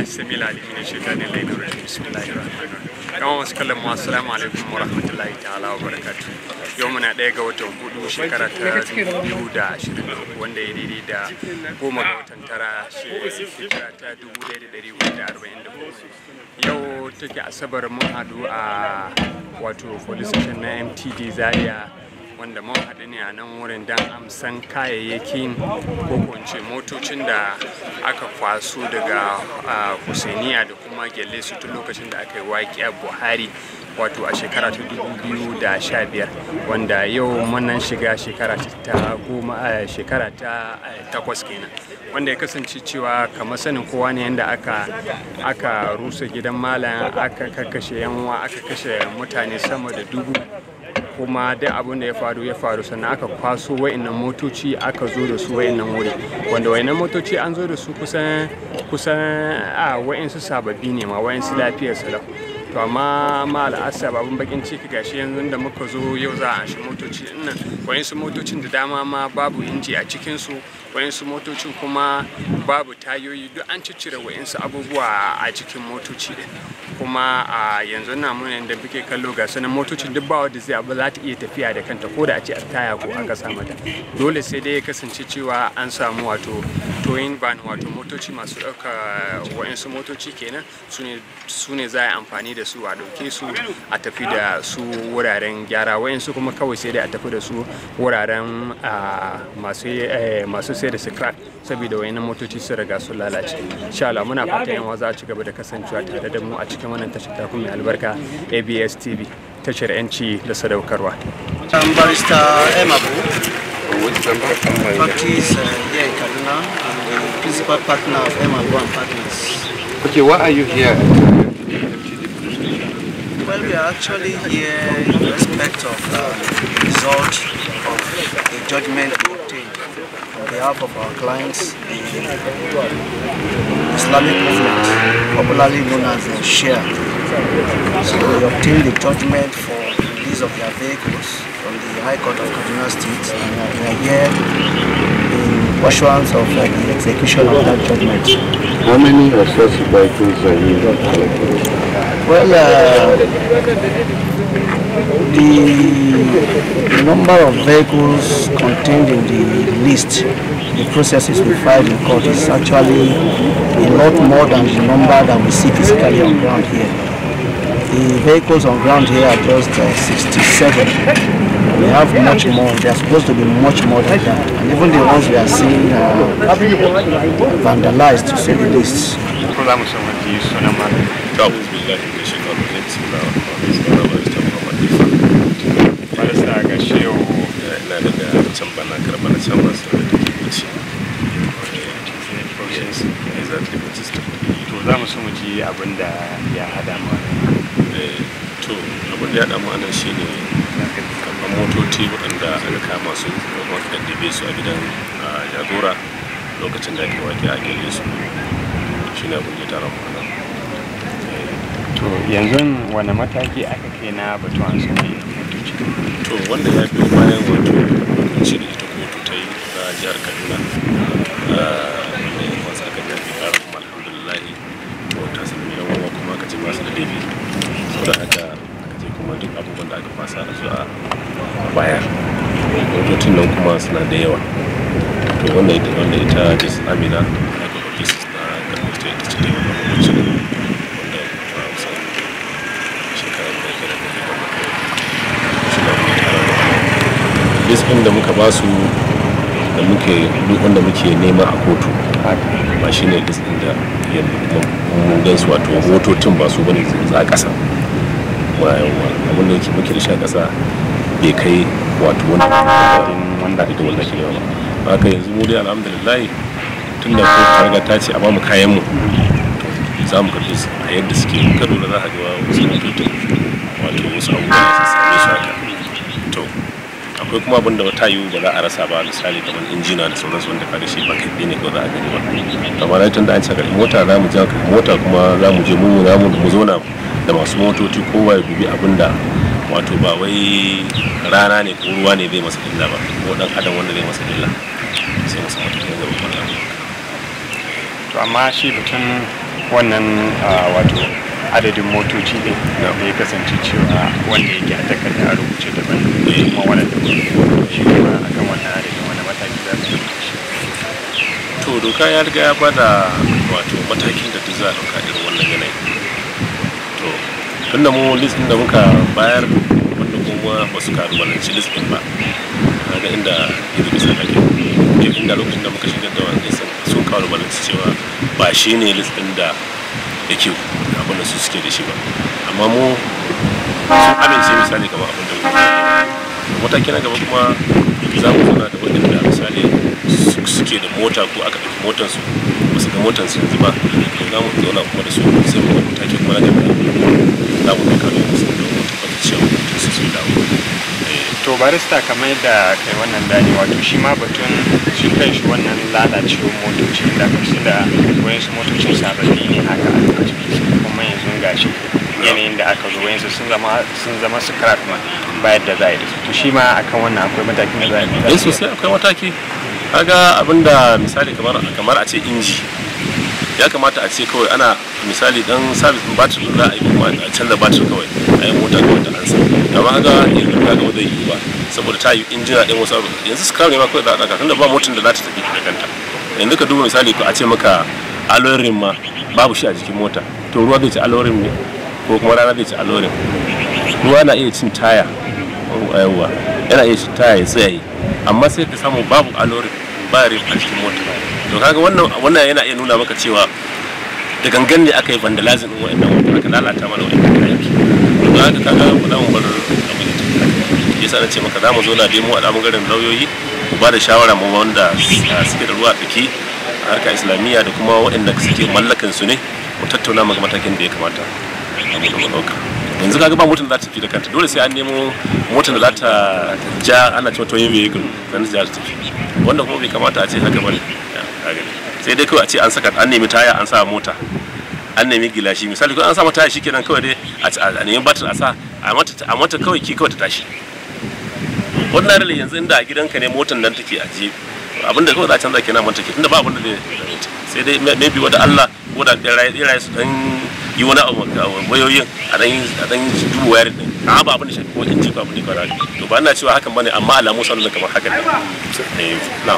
billahi samil wasu kallon mu assalamu alaikum wa rahmatullahi ta'ala wa muna ɗaya ga watan hudu shekara da ya daidai da goma ga watan tara shekara ta dubu da yau take asabar mun haɗu a wato police na mtd zaria wanda mun haɗu ne a nan wurin don amsan kayayyakin ko motocin da aka kwaso daga kusiniya da kuma gyalle su tun lokacin da aka yi a Buhari wato a shekara ta 2015 wanda yau manan shiga shekara ta goma shekara ta takwas kenan wanda ya kasance cewa kamar sanin kowa ne yadda aka aka rusa gidan malam aka kakkashe yanwa aka kashe mutane sama da dubu kuma duk abin da ya faru ya faru sannan aka kwaso wa'annan motoci aka zo da su wa'annan wuri wanda wa'annan motoci an zo da su kusan kusan a wa'ansu sababbi ne ma wa'ansu lafiyar salau to amma ma al'asa babun bakin ciki gashi yanzu da muka zo yau za a shi motoci nan wa'ansu motocin da dama ma babu inji a cikin su wayansu motocin kuma babu tayoyi duk an ciccire wayansu abubuwa a cikin motoci din kuma a yanzu na mun yadda muke kallo ga sanan motocin duk ba wanda zai abu za ta iya tafiya da kanta ko da a ce a taya ko aka sa mata dole sai dai ya kasance cewa an samu wato towing van wato motoci masu ɗauka waɗansu motoci kenan su ne za a yi amfani da su a ɗauke su a tafi da su wuraren gyara waɗansu kuma kawai sai dai a tafi da su wuraren masu eh, sai da su scrap saboda wayannan motoci su riga sun lalace insha Allah muna fata yan za a ci gaba da kasancewa tare da mu a cikin wannan tashar ta kuma albarka ABS TV tashar yanci da sadaukarwa Ambarista barista Emabu practice uh, Kaduna I'm the principal partner of Emabu and Partners Okay, why are you here? Well, we are actually here in respect of the uh, result of the judgment behalf of our clients in Islamic movement, popularly known as the Shia. So we obtained the judgment for release of their vehicles from the High Court of Kaduna State and we are here in pursuance of uh, the execution of that judgment. How many of such vehicles are you collecting? Well, uh, the number of vehicles contained in the list, the processes we filed in court is actually a lot more than the number that we see physically on ground here. The vehicles on ground here are just uh, 67. We have much more. They are supposed to be much more than that. And even the ones we are seeing uh, vandalized, to say the least. daga can bana na can masu da ke wuce to za mu so ji abin da ya hada mu eh, to abin da ya hada mu anan shine kamar motoci waɗanda aka kama su kuma aka su a gidan jagora lokacin da ake wake a gare su shine abin da ya tara mu anan to yanzu wani mataki aka kai na batun an to wanda ya biyo bayan wato hukunci da ita kotu ta yi na jihar kaduna wanda yan wasa aka fi ƙara kuma ko ta sami yan uwa kuma aka ce ba su da haka aka ce kuma duk abubuwan da aka fasa da su a baya kototun nan kuma suna da yawa to wanda ita wanda ita amina kes ɗin da muka basu da muke duk wanda muke nema a kotu ba shi ne kes ɗin da ya mun su wato hototin ba su bane za a ƙasa abin da yake muke da shi a ƙasa bai kai wato wanda da wanda ke yawa ba haka yanzu mu dai alhamdulillah tun da kotu ta riga ta ce a ba mu kayan mu za mu karfi a yadda suke karo da za a ga wasu hototin wato wasu abubuwa su same shi haka to akwai kuma abin da wata yiwu ba za a rasa ba misali kamar injina da sauransu wanda ka da shi ba kai ne ko za a gani ba amma rai tun da an ce mota za mu ja mota kuma za mu je mu za mu zauna da masu motoci kowa ya dubi abin da wato ba wai rana ne ko ruwa ne zai masa illa ba ko dan adam wanda zai masa illa sai masa mota ne zai to amma shi batun wannan ah, wato adadin motoci ne. da ya kasance cewa wanda yake a takarda a rubuce daban kuma wani daban shi a akan wannan adadin wani mataki za su shi to doka ya riga ya bada wato matakin da ta za a ɗauka irin wannan yanayi to tunda mu list da muka bayar wanda kuma ba su karu kalubalanci list ɗin ba kaga inda yanzu bisa ga inda lokacin da muka shigar da wani sun balance cewa ba shi ne list ɗin da da kyau abin da su suke da shi ba amma mu sun amince misali kamar abin da mota na gaba kuma za mu zauna da da misali suke da mota ko aka ɗauki motansu ba su ga motansu yanzu ba za mu zauna kuma da su sai mu mataki kuma na gaba za mu ɗauka barista kamar yadda kai wannan dani wato shi ma batun shi kai shi wannan lalacewar motoci da kashi da wayansu motocin sababbi ne haka a kuma yanzu gashi yanayin da aka zo wayansu sun zama sun zama scrap ma bayar da zai to shi ma akan wannan akwai mataki na zai yi eh sosai akwai mataki kaga abinda misali kamar kamar a ce inji ya kamata a ce kawai ana misali dan sabis din batir za a yi kuma a canza batir kawai a yi mota kawai da ansa amma ga irin ka ga zai yi ba saboda ta yi injina din wasu yanzu kawo ne ma kawai za a daka tunda ba motan da za ta tafi da kanta yanzu ka duba misali ko a ce maka alorin ma babu shi a jikin mota to ruwa zai ci alorin ne ko kuma rana zai ci alorin ruwa na iya cin taya yawa yana iya cin taya ya tsaye amma sai ka samu babu alorin ba a cikin mota to kaga wannan wannan yana iya nuna maka cewa da gangan ne aka yi vandalizing din wa'annan mota aka lalata mana wa'annan kayan to haka kaga ba za bar abin da yasa na ce maka za mu zo na demo a garin lauyoyi mu ba da shawara mu wanda suke da ruwa fiki a harka islamiyya da kuma waɗanda suke mallakan su ne mu tattauna maka matakin da ya kamata a mu ɗauka yanzu ga ba motar da za ta tafi da kanta dole sai an nemo motar da za ta ja ana cewa toyin vehicle dan za ta tafi wanda kuma bai kamata a ce haka bane sai dai kawai a ce an saka an nemi taya an sa mota an nemi gilashi misali ko an sa mota shi kenan kawai dai a nemi batir a sa a mota kawai ki kawai ta tashi wannan rale yanzu inda a gidanka ne motar nan take a je abin da kawai za a canza kenan mota ke inda ba abin da zai sai dai maybe wata Allah ko da ɗaya su dan yi wani abu wayoyin a dan dubu wayar din a ba abin da shafi ko inji ba da to ba na cewa hakan bane amma alamu sanu da kamar hakan ne eh, na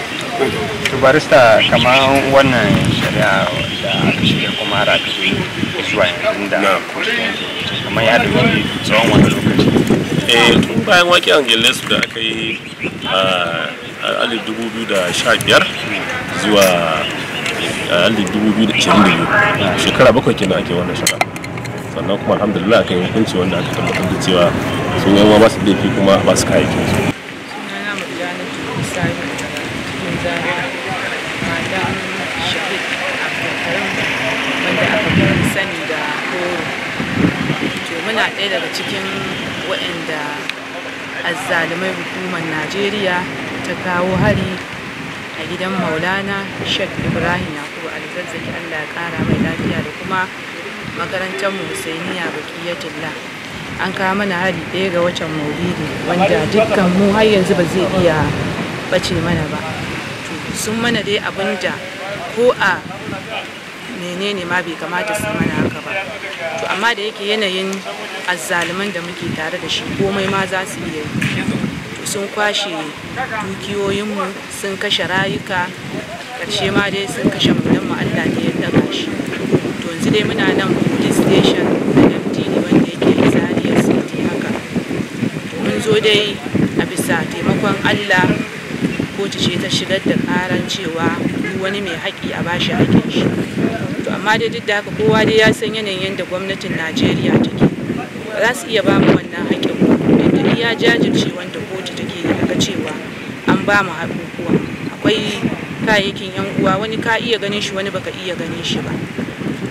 to barista kamar da aka kuma har aka yi zuwa yanzu ya tsawon wani lokaci eh tun bayan waki gelle da aka yi ah, a alif hmm. zuwa a yalda 2022 shekara bakwai kenan ake wannan shara sannan kuma alhamdulillah aka yi hukunci wanda aka tabbatar da cewa sun yawa ba su laifi kuma ba su kayayyakin su muna ɗaya daga cikin waɗanda azzalumai hukumar najeriya ta kawo hari a gidan maulana sheikh ibrahim yakubu alzazzaki allah ya kara mai lafiya da kuma makarantar mu husainiya bakiyatullah an kawo mana hari ɗaya ga watan maulidi wanda dukkan mu har yanzu ba zai iya bace mana ba sun mana dai abin da ko a menene ma bai kamata su mana haka ba to amma da yake yanayin azzalumin da muke tare da shi komai ma za su iya yi sun kwashe dukiyoyinmu sun kashe rayuka karshe ma dai sun kashe mutum Allah ne yadda daga shi to yanzu dai muna nan police station da MTD wanda yake zariyar City haka mun zo dai a bisa taimakon Allah kotu ce ta shigar da karan cewa duk wani mai haƙi a ba shi haƙin shi to amma dai duk da haka kowa dai ya san yanayin yadda gwamnatin Najeriya take ba za su iya ba mu wannan haƙin ba da ya jajirce wanda kotu take daga cewa an ba mu hakukuwa akwai kayayyakin yan uwa wani ka iya ganin shi wani baka iya ganin shi ba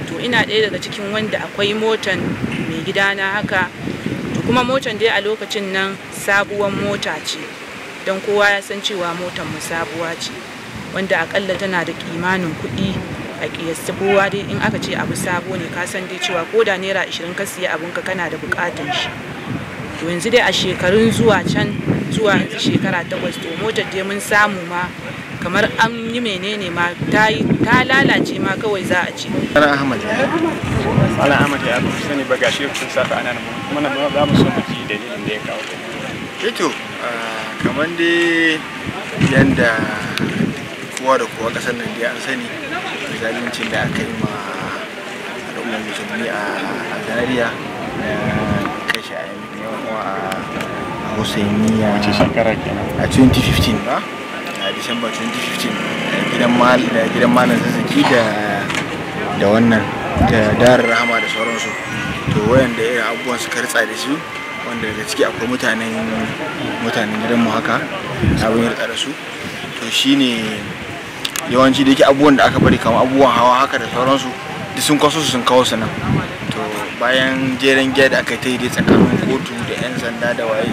to ina ɗaya daga cikin wanda akwai motan mai gida na haka to kuma motan dai a lokacin nan sabuwar mota ce don kowa ya san cewa motan mu sabuwa ce wanda akalla tana da kimanin kuɗi a ƙiyasta kowa dai in aka ce abu sabo ne ka san dai cewa ko da naira ashirin ka siya abinka kana da buƙatan shi yanzu dai a shekarun zuwa can zuwa yanzu shekara takwas to motar dai mun samu ma kamar an yi menene ma ta lalace ma kawai za a ce. Ana Ahmad. Ana Ahmad ya fi sani ba gashi kun safa ana nan kuma na za mu so mu ji dalilin da ya kawo. Ito eh kamar dai yanda kowa da kowa kasar nan dai an sani zaluncin da aka yi ma al'ummar musulmi a Zaria shi a 2015 ba a Disamba 2015 gidan mal da zazzaki da wannan da darar rahama da sauransu to wayanda irin abubuwan su kartsa da su wanda daga ciki akwai mutanen mutanen gidanmu haka abin yarda da su to shine yawanci da yake abubuwan da aka bari kama abubuwan hawa haka da sauransu duk sun kwaso su sun kawo su nan to bayan jerin giya da aka ta yi tsakanin kotu da 'yan sanda da waye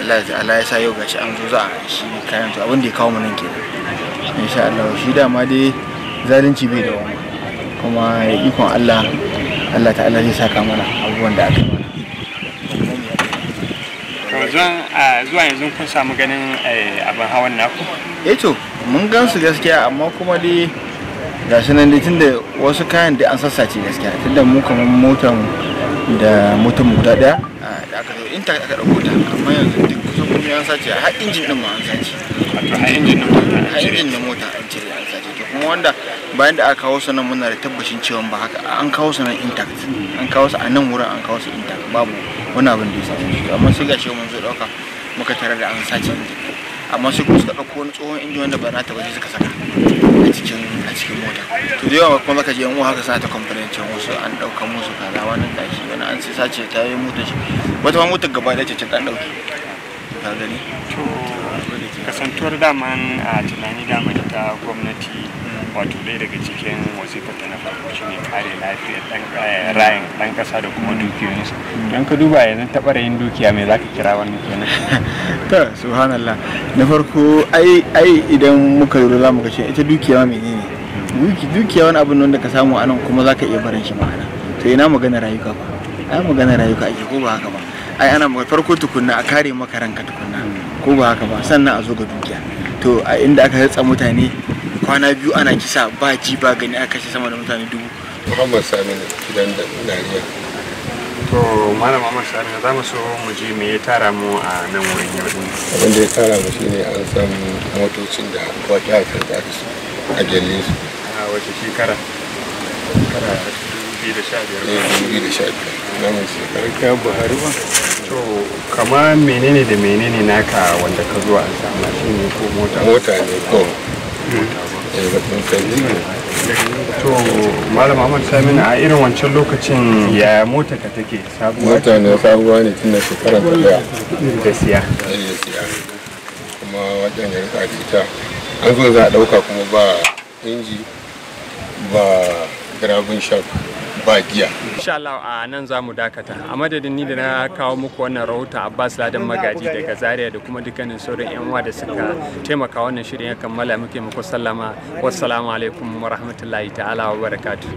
Allah ya sa yau gashi an zo za a shi kayan to abin da ya kawo mu nan ke. insha Allah shi dama dai zalunci bai da wani kuma ya ikon Allah Allah Allah zai saka mana abubuwan da aka yi zuwa yanzu kun samu ganin eh, abin hawan naku? eh to mun su gaskiya amma kuma dai gashi nan dai tunda wasu kayan da an sassace gaskiya tunda mu kamar motar da motar mu guda daya da aka zo in ta aka dauko ta amma yanzu duk kusan komai an sace har injin din ma an sace har injin din har injin na mota an cire an sace to kuma wanda bayan da aka kawo su nan muna da tabbacin cewa ba haka an kawo su nan intact an kawo su a nan wurin an kawo su intact babu wani abin da ya sace amma sai gashi mun zo dauka muka tare da an sace injin amma sai kuma suka ɗauko wani tsohon injin wanda ba na ta waje suka saka a cikin a cikin mota to da yawa kuma zaka je yan uwa haka sana ta complain wasu an ɗauka musu kaza wani gashi wani an sai sace ta yi motar shi wata ma motar gaba da ce ta ɗan ɗauki ka gani kasantuwar daman a tunani dama ta gwamnati wato ɗaya daga cikin wazifar ta na farko ne kare lafiyar ɗan rayan ɗan ƙasa da kuma dukiyoyinsa don ka duba yanzu taɓa yin dukiya mai zaka kira wannan kenan ta subhanallah na farko ai ai idan muka lura za mu ce ita dukiya menene dukiya wani abin wanda ka samu anan kuma zaka iya barin shi ma'ana to ina magana rayuka ba ai magana rayuka ake ko ba haka ba ai ana farko tukunna a kare maka ranka tukunna ko ba haka ba sannan a zo ga dukiya to a inda aka ritsa mutane kwana biyu ana kisa ba ji ba gani aka kashe sama da mutane dubu muhammad sami gidan da nariya to malam muhammad sami za mu so mu ji me ya tara mu a nan wurin yau abin da ya tara mu shine an san motocin da wata aka karɓa su a gelle su a wace shekara shekara eh, to kama menene da menene naka wanda ka zuwa a samu shi ne ko mota ne ko mota to malam ahmad a irin wancan lokacin ya mota ka take sabuwa mota ne sabuwa ne tun da shekarar ta daya da siya kuma wajen yanka rika cuta an zo za a dauka kuma ba inji ba grabin shop bagiya. Insha Allah a nan za mu dakata. A madadin ni da na kawo muku wannan rahoto Abbas Ladan Magaji daga Zaria da kuma dukkanin sauran yan uwa da suka taimaka wannan shirin ya kammala muke muku sallama. Wassalamu alaikum wa rahmatullahi ta'ala wa barakatuh.